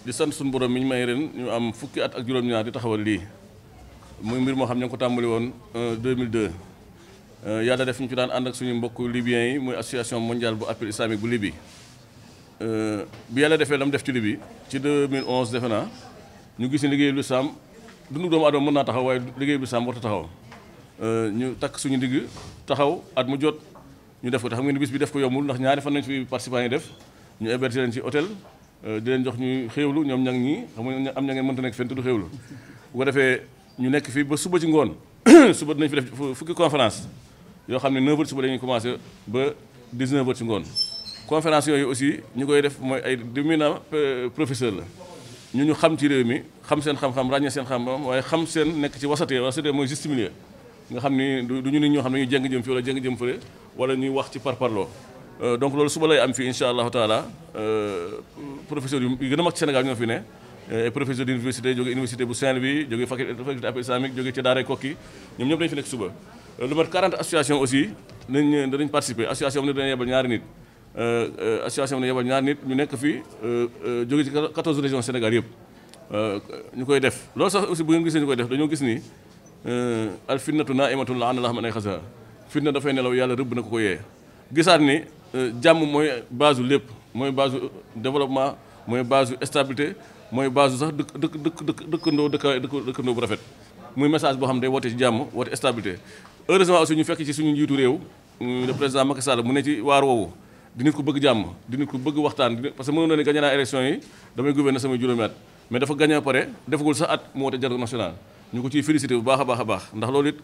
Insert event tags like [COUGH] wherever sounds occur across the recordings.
di sant suñu borom mi ñu may ren ñu am fukki at ak juróom-ñaar di taxawal lii muy mbir moo xam ñu ko tàmbali woon 2002 euh, euh, yàlla def ñu ci daan ànd ak suñu mbokk libyens yi muy association mondiale bu appel islamique bu Libye euh, bi yàlla defee la mu def ci Libye ci 2011 defe naa ñu gis ni liggéey lu saam dundu doomu adama mën naa taxaw waaye liggéey lu saam warta taxaw ñu takk suñu digg taxaw at mu jot ñu def ko te xam ngeen bis bi def ko yombul ndax ñaari fan nañ fi participants yi def ñu héberger Euh, di leen jox ñuy xéewlu ñoom ñang ñi xam nga am ña ngeen mënta nekk fenn tudd xéewlu bu ko defee ñu nekk fii ba suba ci ngoon [COUGHS] suba dinañ fi def fukki conférence yoo xam ne 9 heures suba dañuy commencé ba 19 heures ci ngoon conférence yooyu aussi ñu koy def mooy ay dimina euh, professeur la ñu ñu xam ci réew mi xam seen xam-xam ràññee seen xam-xam waaye xam seen nekk ci wasate wasate mooy juste milieu nga xam ni ñu xam ñu jeng jëm fi wala jeng jëm fële wala ñuy wax ci parparloo Euh, donc loolu suba lay am fii incha allahu taala euh, professeur yu gën a mag ci Sénégal ñoo fi ne euh, ay professeur d' université jóge université bu Saint-Louis jóge faculté affaires islamiques jóge ci Daara Kokki ñoom ñëpp dañu fi nekk suba. lu mat 40 association aussi nañ danañ participer association bi ne dana yebal ñaari nit association bi ne yebal ñaari nit ñu nekk fii jóge ci 14 régions Sénégal yëpp ñu koy def loolu sax aussi bu ngeen gisee ñu koy def dañoo gis ni al fitnatu naa imatul la an la xam ne ay xasa fitna dafay nelaw yàlla rëbb na ko ko yee gisaat ni Euh, jàmm mooy base lépp mooy base euh, développement mooy base stabilité mooy base sax dëkk dëkk dëkk dëkkandoo dëkk dëkkandoo bu rafet. muy message boo xam ne day woote ci jàmm woote stabilité heureusement aussi fekk ci suñu njiitu réew le président Macky ne ci waar woowu di nit ku bëgg jàmm di nit bëgg waxtaan parce que mënoon na ne gagné naa élection yi damay gouverner samay juróomi at mais at mu woote dialogue national ñu ko ciy félicité bu baax a baax a baax ndax loolu it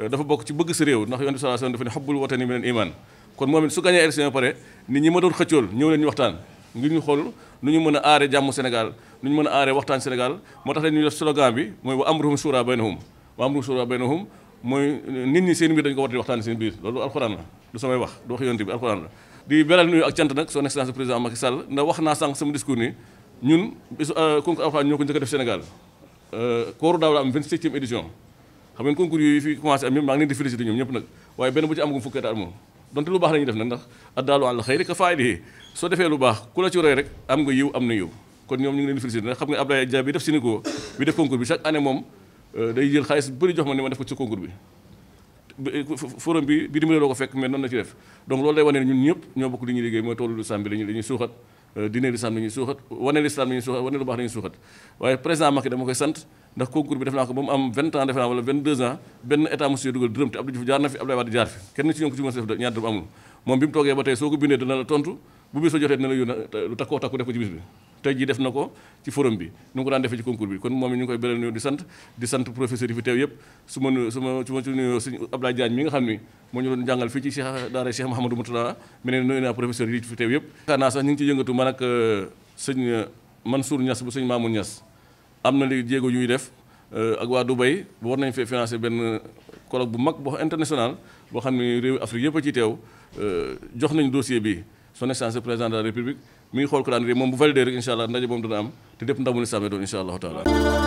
euh, dafa bokk ci bëgg sa réew ndax yonent bi sallallahu alayhi wasallam dafa ne hubbul watani kon moom it su gagné élection pare ni ñi ma doon xëccool ñëw leen ñu waxtaan ngir ñu xool nu ñu mën a aare jàmm Sénégal nu ñu mën a aare waxtaan Sénégal moo tax ñu def slogan bi mooy wa amruhum sura baynahum wa amruhum shura baynahum mooy nit ñi seen biir dañ ko war di waxtaan seen biir loolu alquran la du samay wax du wax yonte bi alquran la di beral nuyu ak cant nag son excellence président Macky Sall ndax wax naa sànq sama discours ni ñun bisu euh, concours alquran ñoo ko njëkk a def Sénégal euh, kooru daaw am 27e édition xam ngeen concours yooyu fi commencé am ñëpp maa ngi leen di félicité ñoom ñëpp nag waaye benn bu ci amagum moom donte lu baax la ñuy def nag ndax addaalu àla xëy rek faayilihi soo defee lu baax ku la ci roy rek am nga yiw am na yiw kon ñoom ñu ngi leen félicité nag xam nga Abdoulaye Dia bi def Sénégal bi def concours bi chaque année moom euh, day jël xaalis bu bëri jox ma ne ma def ko ci concours bi forum bi bi dimbale loo ko fekk mais noonu la ci def donc loolu day wane ñun ñëpp ñoo bokk li ñuy liggéey mooy toolu lu sàmbi li ñuy suuxat Euh, diine lislaam la ñuy suuxat wane lislaam la ñuy suuxat wane lu baax la suuxat waaye président Macky dama koy sant ndax concours bi def naa ko ba mu am 20 ans def naa wala 22 ans benn état mosu dugal dërëm te Abdou Diouf jaar na fi Abdoulaye Wade jaar fi kenn ci ñoom ku ci mën a def ñaar dërëm amul moom bi mu toogee ba tey soo ko bindee dana la tontu bu bis ba jotee dina la yónnee lu takkoo takku def ko ci bi tey ji def na ko ci forum bi nu mu ko daan defee ci concours bi kon moom ñu ngi koy beral di sant di sant professeur yi fi teew yëpp su ma su ma su ma ci nuyoo suñu Abdoulaye Diagne mi nga xam ni moo ñu doon jàngal fii ci Cheikh daara Cheikh Mahamadou Moutala mi ne nuyu naa professeur yi fi teew yëpp naa sax ñu ngi ci yëngatu man ak euh, sëñ euh, Mansour Niass bu sëñ Mamoun Niass am na li jéego ñuy def euh, ak waa Dubai bu war nañ fee financer benn colloque bu mag boo international boo xam ne réew Afrique yëpp a ci teew jox nañ dossier bi son excellence président de la république muy xool ko daan moom bu validé rek incha allah ndaje moom dana am te lépp ndamu lislaam doon incha allahu taala